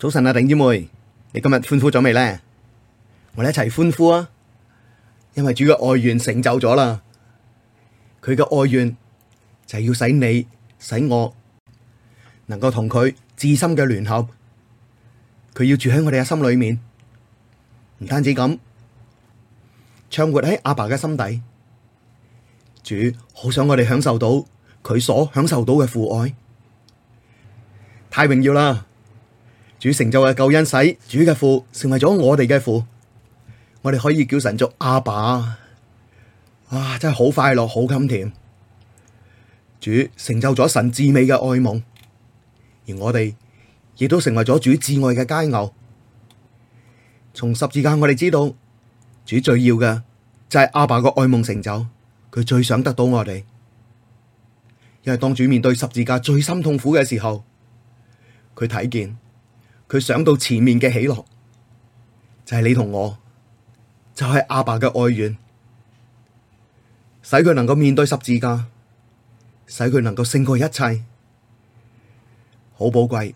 早晨啊，頂姐妹，你今日歡呼咗未呢？我哋一齊歡呼啊！因為主嘅愛願成就咗啦，佢嘅愛願就係要使你、使我能夠同佢至深嘅聯合。佢要住喺我哋嘅心裏面，唔單止咁，暢活喺阿爸嘅心底。主好想我哋享受到佢所享受到嘅父愛，太榮耀啦！主成就嘅救恩使主嘅父成為咗我哋嘅父，我哋可以叫神做阿爸。哇，真係好快樂，好甘甜。主成就咗神至美嘅愛夢，而我哋亦都成為咗主至愛嘅佳偶。從十字架我哋知道，主最要嘅就係阿爸個愛夢成就，佢最想得到我哋。因為當主面對十字架最深痛苦嘅時候，佢睇見。佢想到前面嘅喜樂，就係、是、你同我，就係、是、阿爸嘅愛願，使佢能夠面對十字架，使佢能夠勝過一切，好寶貴。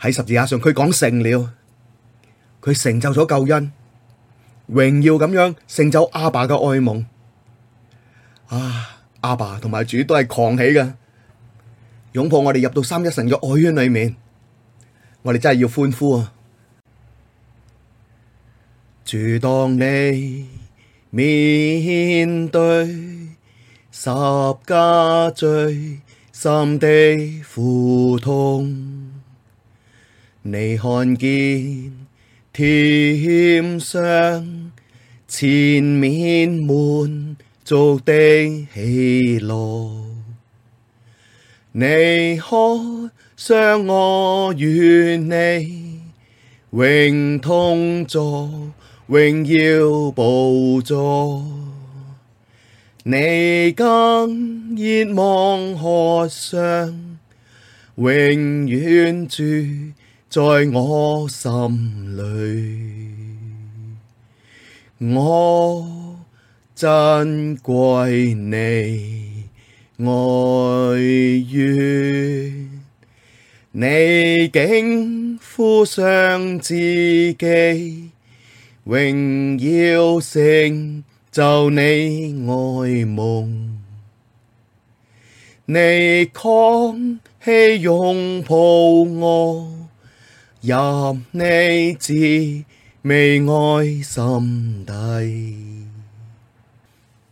喺十字架上，佢講成了，佢成就咗救恩，榮耀咁樣成就阿爸嘅愛夢。啊，阿爸同埋主都係狂喜嘅，擁抱我哋入到三一神嘅愛圈裏面。我哋真係要歡呼啊！主當你面對十架最深的苦痛，你看見，甜想前面滿足的喜樂。你可想我與你永同坐，榮耀寶座。你更熱望渴想，永遠住在我心裡。我珍貴你愛願。你竟付上自己，榮耀成就你愛夢。你狂喜擁抱我，入你至美愛心底，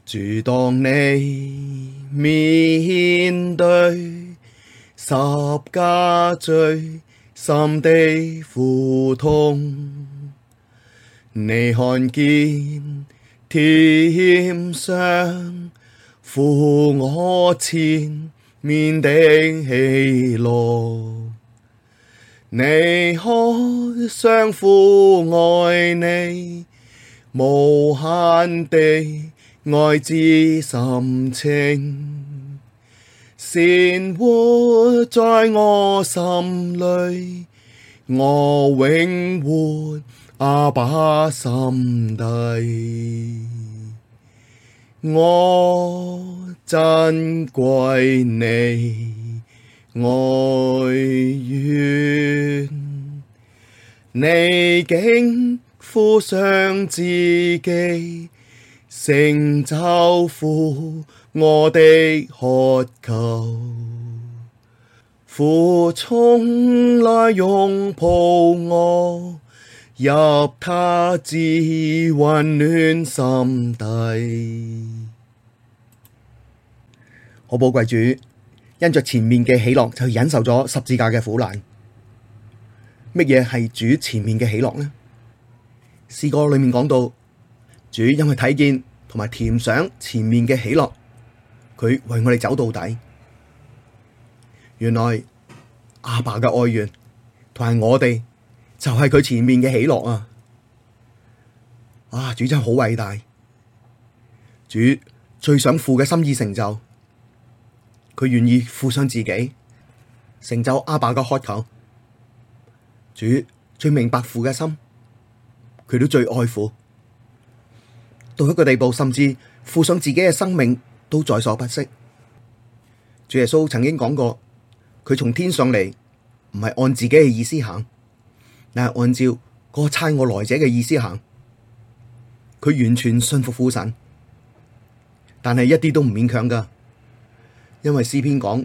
主當你面對。十架最深的苦痛。你看見、甜想父、我前面的喜樂。你渴想父愛你無限的愛、至深情。善活在我心裏，我永活阿爸心底，我珍貴你愛願，你竟付上自己，成就父。我的渴求，父衝，來擁抱我，入祂至溫暖心底。我寶貴主，因着前面嘅喜樂就忍受咗十字架嘅苦難。乜嘢係主前面嘅喜樂呢？詩歌裏面講到，主因為睇見同埋甜想前面嘅喜樂。佢為我哋走到底。原來阿爸嘅愛願同埋我哋，就係佢前面嘅喜樂啊！啊，主真係好偉大。主最想父嘅心意成就，佢願意付上自己，成就阿爸嘅渴求。主最明白父嘅心，佢都最愛父，到一個地步，甚至付上自己嘅生命。都在所不惜。主耶穌曾經講過，佢從天上嚟，唔係按自己嘅意思行，但係按照嗰個差我來者嘅意思行。佢完全信服父神，但係一啲都唔勉強噶。因為詩篇講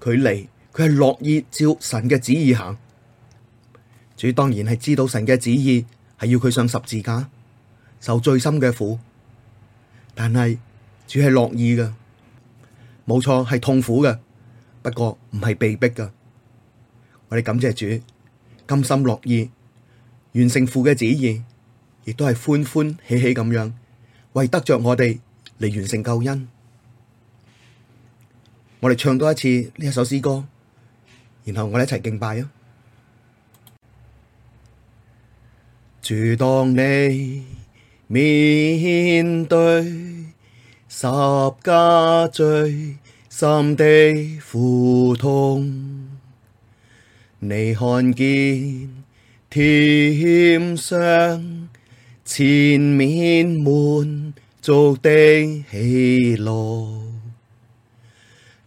佢嚟，佢係樂意照神嘅旨意行。主當然係知道神嘅旨意係要佢上十字架受最深嘅苦，但係。主係樂意嘅，冇錯係痛苦嘅，不過唔係被逼㗎。我哋感謝主甘心樂意完成父嘅旨意，亦都係歡歡喜喜咁樣為得着我哋嚟完成救恩。我哋唱多一次呢一首詩歌，然後我哋一齊敬拜啊！主當祢面對。十架最深的苦痛，你看見甜想前面滿足的喜樂，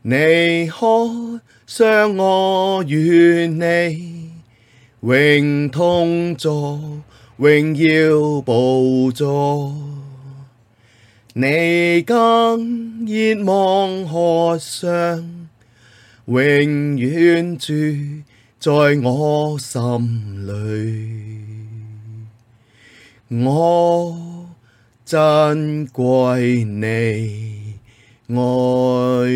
你渴想我與你永同坐，榮耀寶座。你更熱望、渴想，永遠住在我心裏，我珍貴你愛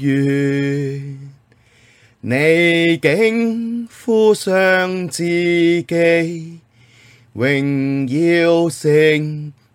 願，你竟付上自己榮耀成。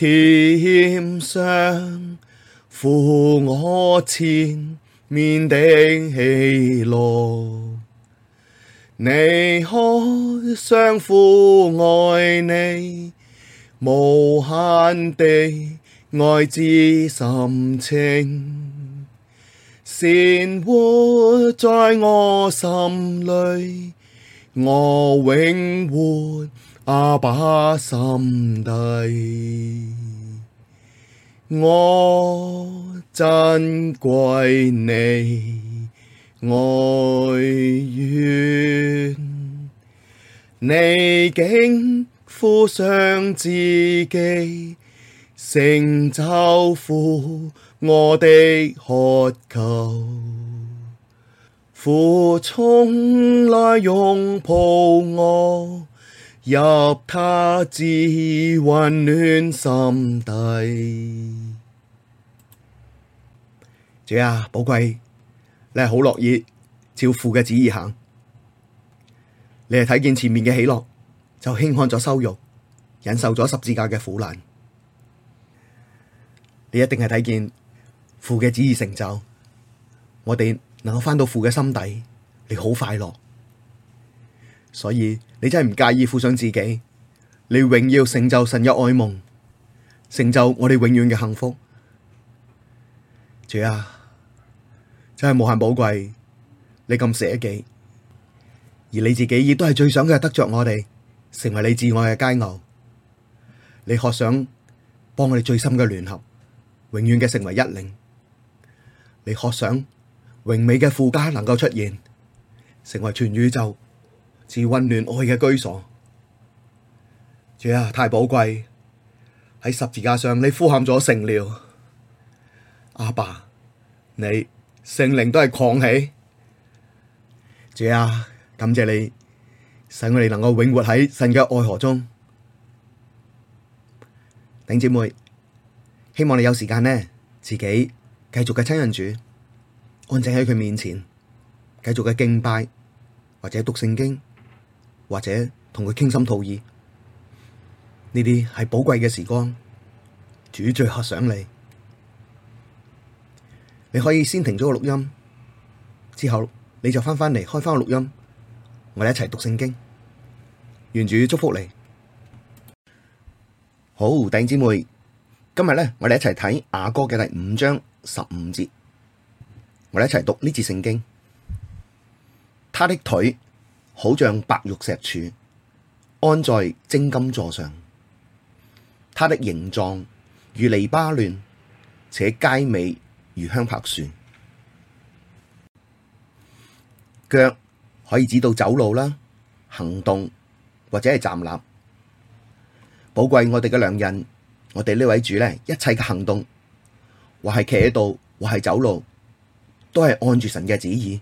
甜想父我前面的喜樂，祢渴想父愛祢無限的愛至深情，鮮活在我心裡，我永活。阿爸，爸心底，我珍貴你愛願，你竟付上自己，成就父我的渴求，父衝來擁抱我。入他至溫暖心底。主啊，寶貴，你係好樂意照父嘅旨意行。你係睇見前面嘅喜樂，就輕看咗羞辱，忍受咗十字架嘅苦難。你一定係睇見父嘅旨意成就，我哋能夠返到父嘅心底，你好快樂。所以你真係唔介意付上自己，你永要成就神嘅愛夢，成就我哋永遠嘅幸福。主啊，真係無限寶貴，你咁捨己，而你自己亦都係最想嘅得着我哋，成為你至愛嘅佳偶。你渴想幫我哋最深嘅聯合，永遠嘅成為一靈。你渴想榮美嘅附加能夠出現，成為全宇宙。是溫暖愛嘅居所，主啊，太寶貴！喺十字架上，你呼喊咗成了，阿爸，爸，你聖靈都係狂喜，主啊，感謝你，使我哋能夠永活喺神嘅愛河中。頂姐妹，希望你有時間呢，自己繼續嘅親近主，安靜喺佢面前，繼續嘅敬拜或者讀聖經。或者同佢傾心吐意，呢啲係寶貴嘅時光。主最渴想你，你可以先停咗個錄音，之後你就翻翻嚟開翻個錄音，我哋一齊讀聖經。願主祝福你。好，弟兄姊妹，今日咧我哋一齊睇雅歌嘅第五章十五節，我哋一齊讀呢節聖經。他的腿。好像白玉石柱，安在精金座上，它的形狀如利巴嫩，且佳美如香柏樹。腳可以指到走路啦，行動或者係站立。寶貴我哋嘅良人，我哋呢位主呢，一切嘅行動或係企喺度，或係走路，都係按住神嘅旨意。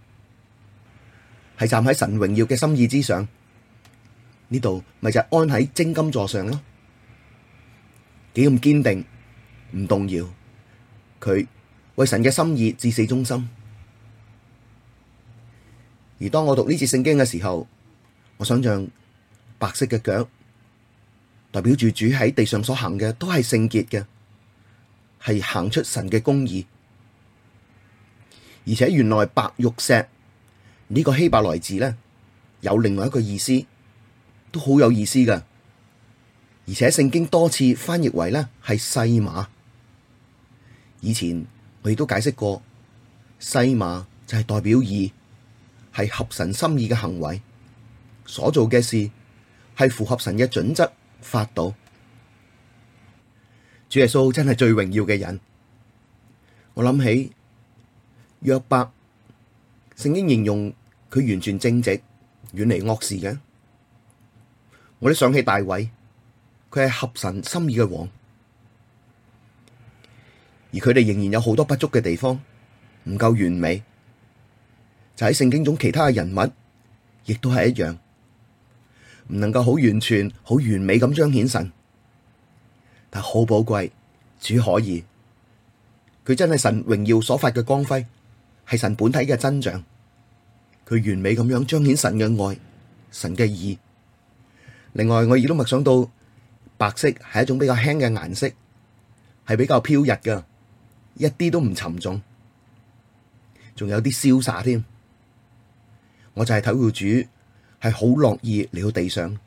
係站喺神榮耀嘅心意之上，呢度咪就係安喺精金座上咯，幾咁堅定，唔動搖，佢為神嘅心意至死忠心。而當我讀呢節聖經嘅時候，我想象白色嘅腳，代表住主喺地上所行嘅都係聖潔嘅，係行出神嘅公義，而且原來白玉石。呢個希伯來字呢，有另外一個意思，都好有意思噶。而且聖經多次翻譯為呢係細馬。以前我亦都解釋過，細馬就係代表義，係合神心意嘅行為，所做嘅事係符合神嘅準則法度。主耶穌真係最榮耀嘅人。我諗起約伯，聖經形容，佢完全正直，遠離惡事嘅。我哋想起大衛，佢係合神心意嘅王，而佢哋仍然有好多不足嘅地方，唔夠完美。就喺聖經中其他嘅人物，亦都係一樣，唔能夠好完全、好完美咁彰顯神，但好寶貴，主可以，佢真係神榮耀所發嘅光輝，係神本體嘅真像。佢完美咁樣彰顯神嘅愛，神嘅義。另外，我亦都默想到白色係一種比較輕嘅顏色，係比較飄逸噶，一啲都唔沉重，仲有啲瀟灑添。我就係睇佢主係好樂意嚟到地上，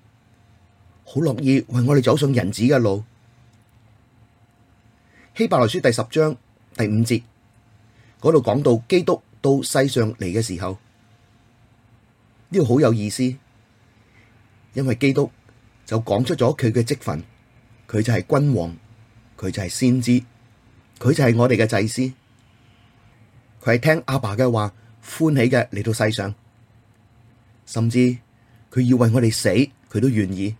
好樂意為我哋走上人子嘅路。希伯來書第十章第五節嗰度講到基督到世上嚟嘅時候。呢個好有意思，因為基督就講出咗佢嘅職份，佢就係君王，佢就係先知，佢就係我哋嘅祭司，佢係聽阿爸嘅話，歡喜嘅嚟到世上，甚至佢要為我哋死，佢都願意，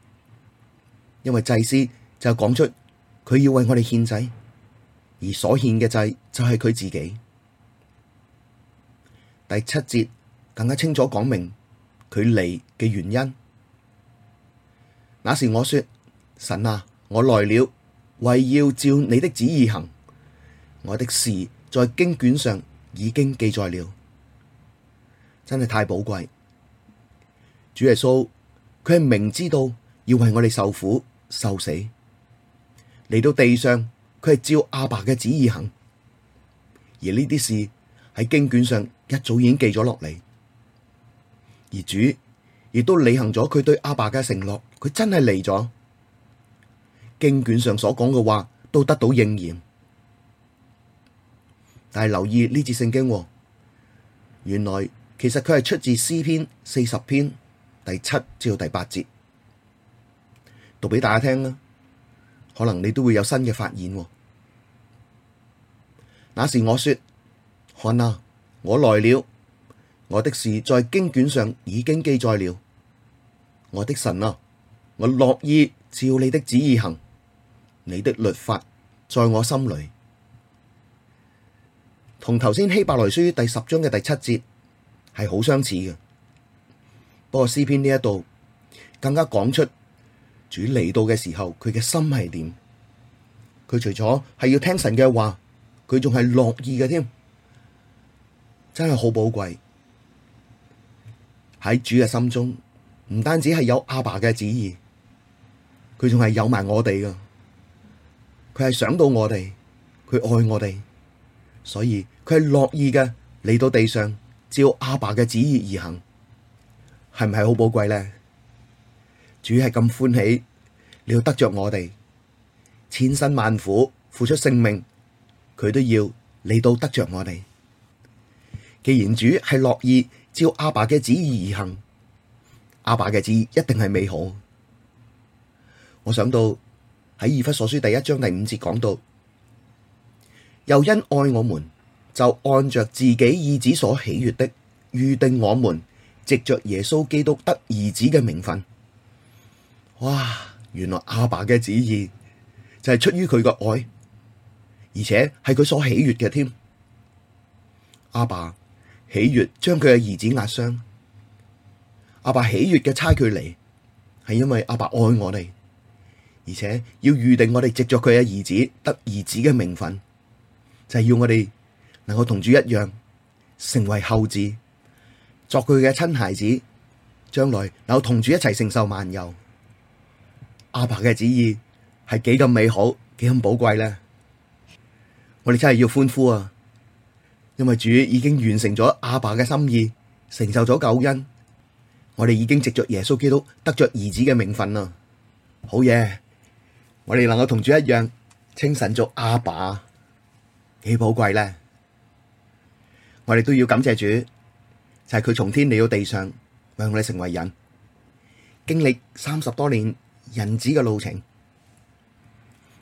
因為祭司就講出佢要為我哋獻祭，而所獻嘅祭就係佢自己。第七節更加清楚講明。佢嚟嘅原因，那時我說，神啊，我來了，為要照你的旨意行。我的事在經卷上已經記載了，真係太寶貴。主耶穌，佢係明知道要為我哋受苦受死，嚟到地上，佢係照阿爸嘅旨意行，而呢啲事喺經卷上一早已經記咗落嚟。而主亦都履行咗佢對阿爸嘅承諾，佢真係嚟咗，經卷上所講嘅話都得到應驗。但係留意呢節聖經，原來其實佢係出自詩篇四十篇第七至到第八節，讀俾大家聽啦，可能你都會有新嘅發現。那時我說：「看啊，我來了。」我的事在經卷上已經記載了，我的神啊，我樂意照你的旨意行，你的律法在我心裡，同頭先希伯來書第十章嘅第七節係好相似嘅，不過詩篇呢一度更加講出主嚟到嘅時候佢嘅心係點，佢除咗係要聽神嘅話，佢仲係樂意嘅添，真係好寶貴。喺主嘅心中，唔單止係有阿爸嘅旨意，佢仲係有埋我哋噶，佢係想到我哋，佢愛我哋，所以佢係樂意嘅嚟到地上照阿爸嘅旨意而行，係唔係好寶貴咧？主係咁歡喜，你要得着我哋，千辛萬苦付出性命，佢都要嚟到得着我哋。既然主係樂意。照阿爸嘅旨意而行，阿爸嘅旨意一定係美好。我想到喺《以弗所書》第一章第五節講到，又因愛我們，就按着自己意旨所喜悦的預定我們，藉着耶穌基督得兒子嘅名分。哇！原來阿爸嘅旨意就係出於佢嘅愛，而且係佢所喜悦嘅添。阿爸。喜悅將佢嘅兒子壓傷，阿爸，爸喜悅嘅差距嚟，係因為阿爸，爸愛我哋，而且要預定我哋藉着佢嘅兒子得兒子嘅名分，就係、是、要我哋能夠同主一樣，成為後嗣，作佢嘅親孩子，將來能夠同主一齊承受萬有。阿爸嘅旨意係幾咁美好，幾咁寶貴咧！我哋真係要歡呼啊！因為主已經完成咗阿爸嘅心意，承受咗救恩，我哋已經藉着耶穌基督得着兒子嘅名分啦。好嘢，我哋能夠同主一樣稱神做阿爸，幾寶貴咧！我哋都要感謝主，就係、是、佢從天嚟到地上，為我哋成為人，經歷三十多年人子嘅路程，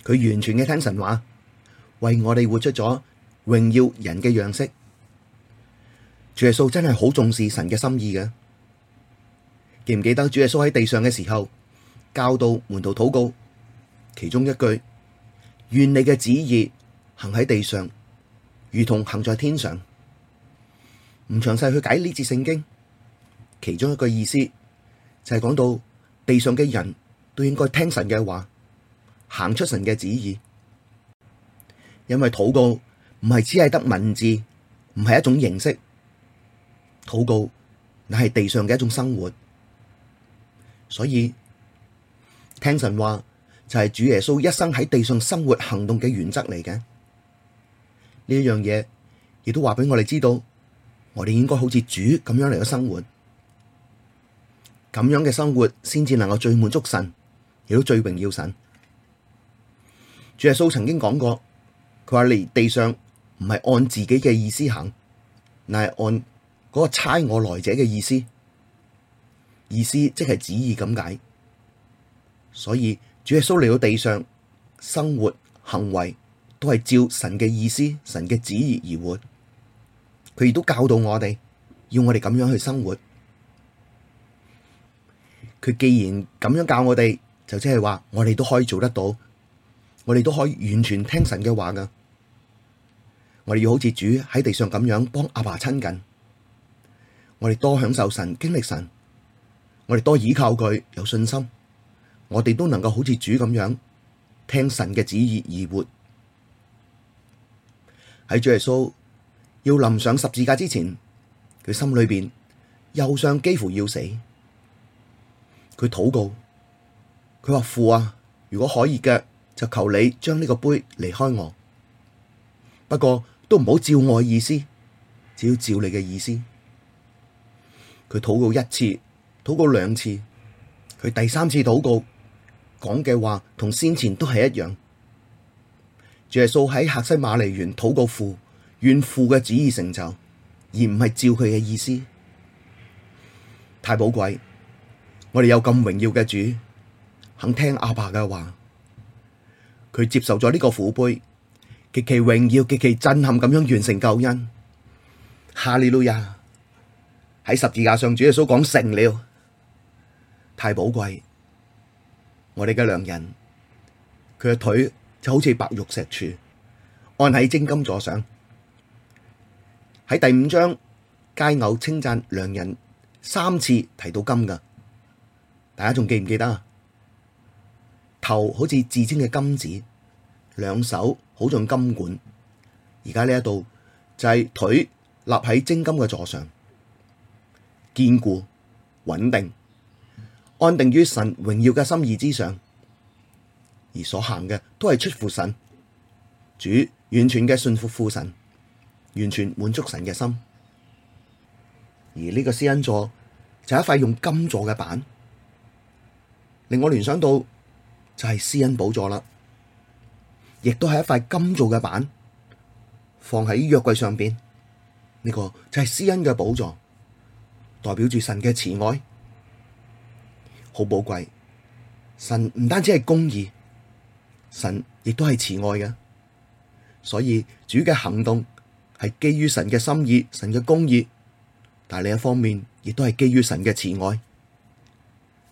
佢完全嘅聽神話，為我哋活出咗。榮耀人嘅樣式，主耶穌真係好重視神嘅心意嘅。記唔記得主耶穌喺地上嘅時候教導門徒禱告，其中一句願你嘅旨意行喺地上，如同行在天上。唔詳細去解呢節聖經，其中一句意思就係講到地上嘅人都應該聽神嘅話，行出神嘅旨意，因為禱告。唔係只係得文字，唔係一種形式禱告，乃係地上嘅一種生活。所以聽神話就係主耶穌一生喺地上生活行動嘅原則嚟嘅。呢樣嘢亦都話俾我哋知道，我哋應該好似主咁樣嚟嘅生活。咁樣嘅生活先至能夠最滿足神，亦都最榮耀神。主耶穌曾經講過，佢話嚟地上。唔係按自己嘅意思行，而係按嗰個差我來者嘅意思，意思即係旨意咁解。所以主耶穌嚟到地上生活行為都係照神嘅意思、神嘅旨意而活。佢亦都教導我哋，要我哋咁樣去生活。佢既然咁樣教我哋，就即係話我哋都可以做得到，我哋都可以完全聽神嘅話噶。我哋要好似主喺地上咁樣幫阿爸親近，我哋多享受神、經歷神，我哋多依靠佢，有信心，我哋都能夠好似主咁樣聽神嘅旨意而活。喺主耶穌要臨上十字架之前，佢心裏邊憂傷，幾乎要死，佢禱告，佢話父啊，如果可以嘅，就求你將呢個杯離開我。不過，都唔好照我意思，只要照你嘅意思。佢禱告一次，禱告兩次，佢第三次禱告，講嘅話同先前都係一樣。耶穌喺客西馬尼園禱告父，願父嘅旨意成就，而唔係照佢嘅意思。太寶貴，我哋有咁榮耀嘅主，肯聽阿爸嘅話，佢接受咗呢個苦杯。極其榮耀、極其震撼咁樣完成救恩，哈利路亞！喺十字架上，主耶穌講成了，太寶貴。我哋嘅良人，佢嘅腿就好似白玉石柱，安喺精金座上。喺第五章，佳偶稱讚良人三次提到金嘅，大家仲記唔記得啊？頭好似至尊嘅金子，兩手。好像金管，而家呢一度就係腿立喺精金嘅座上，堅固穩定，安定於神榮耀嘅心意之上，而所行嘅都係出乎神主，完全嘅信服父神，完全滿足神嘅心。而呢個施恩座就係一塊用金座嘅板，令我聯想到就係施恩寶座啦。亦都係一塊金做嘅板，放喺約櫃上邊，呢、這個就係施恩嘅寶座，代表住神嘅慈愛，好寶貴。神唔單止係公義，神亦都係慈愛嘅，所以主嘅行動係基於神嘅心意、神嘅公義，但另一方面亦都係基於神嘅慈愛。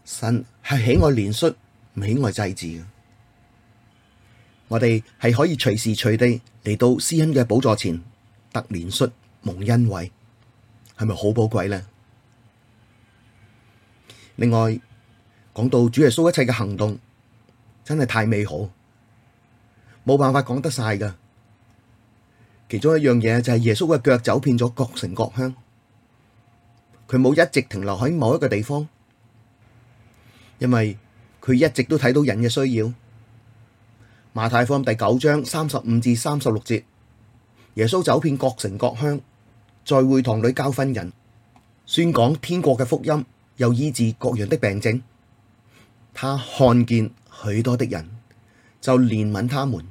神係喜愛憐恤，唔喜愛祭祀嘅。我哋係可以隨時隨地嚟到施恩嘅寶座前得憐恤、蒙恩惠，係咪好寶貴呢？另外，講到主耶穌一切嘅行動，真係太美好，冇辦法講得晒噶。其中一樣嘢就係耶穌嘅腳走遍咗各城各鄉，佢冇一直停留喺某一個地方，因為佢一直都睇到人嘅需要。馬太福音第九章三十五至三十六節，耶穌走遍各城各鄉，在會堂裏教訓人，宣講天國嘅福音，又醫治各樣嘅病症。他看見許多的人，就憐憫他們，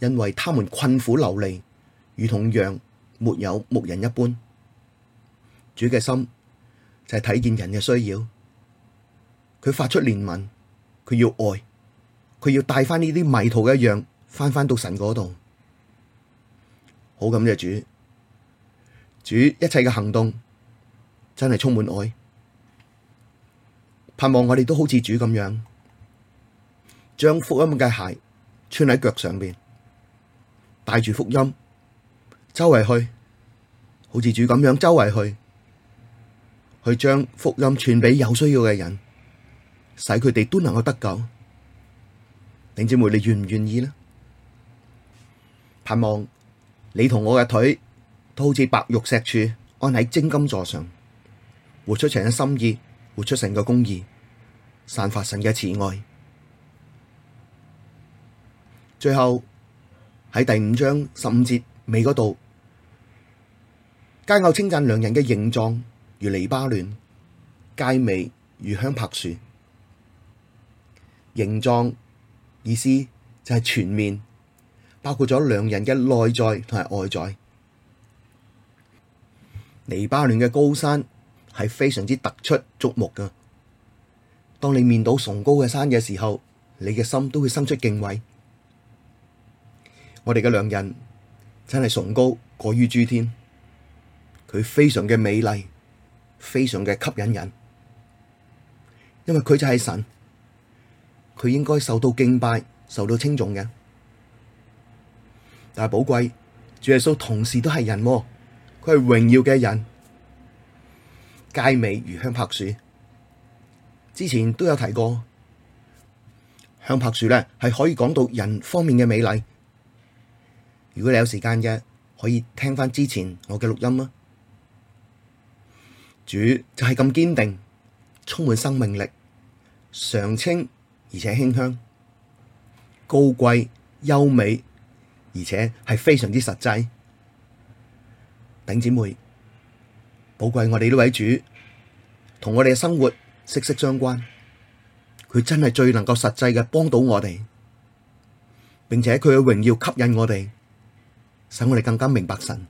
因為他們困苦流離，如同羊沒有牧人一般。主嘅心就係睇見人嘅需要，佢發出憐憫，佢要愛。佢要帶翻呢啲迷途嘅一樣，翻翻到神嗰度。好感謝主，主一切嘅行動真係充滿愛，盼望我哋都好似主咁樣，將福音嘅鞋穿喺腳上邊，帶住福音周圍去，好似主咁樣周圍去，去將福音傳俾有需要嘅人，使佢哋都能夠得救。靈姐妹，你願唔願意呢？盼望你同我嘅腿都好似白玉石柱，安喺精金座上，活出神嘅心意，活出神嘅公義，散發神嘅慈愛。最後喺第五章十五節尾嗰度，佳偶稱讚良人嘅形狀如利巴嫩，佳美如香柏樹，形狀。意思就係全面，包括咗良人嘅內在同埋外在。利巴嫩嘅高山係非常之突出矚目噶。當你面對崇高嘅山嘅時候，你嘅心都會生出敬畏。我哋嘅良人真係崇高過於諸天，佢非常嘅美麗，非常嘅吸引人，因為佢就係神。佢應該受到敬拜、受到稱頌嘅，但係寶貴，主耶穌同時都係人，佢係榮耀嘅人，佳美如香柏樹。之前都有提過，香柏樹咧係可以講到人方面嘅美麗。如果你有時間嘅，可以聽翻之前我嘅錄音啊！主就係咁堅定，充滿生命力，常青。而且馨香、高貴、優美，而且係非常之實際。頂姊妹，寶貴我哋呢位主，同我哋嘅生活息息相關。佢真係最能夠實際嘅幫到我哋，並且佢嘅榮耀吸引我哋，使我哋更加明白神，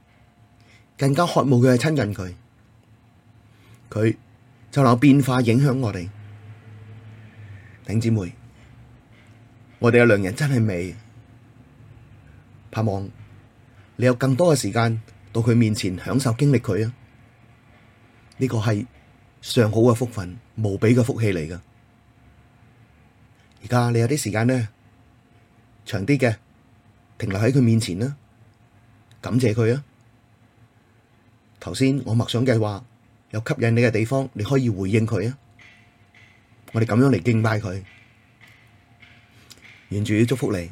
更加渴慕佢去親近佢。佢就有變化影響我哋。頂姊妹，我哋嘅良人真係美，盼望你有更多嘅時間到佢面前享受經歷佢啊！呢個係上好嘅福分，無比嘅福氣嚟噶。而家你有啲時間呢，長啲嘅，停留喺佢面前啦，感謝佢啊！頭先我默想嘅話有吸引你嘅地方，你可以回應佢啊！我哋咁樣嚟敬拜佢，願主祝福你。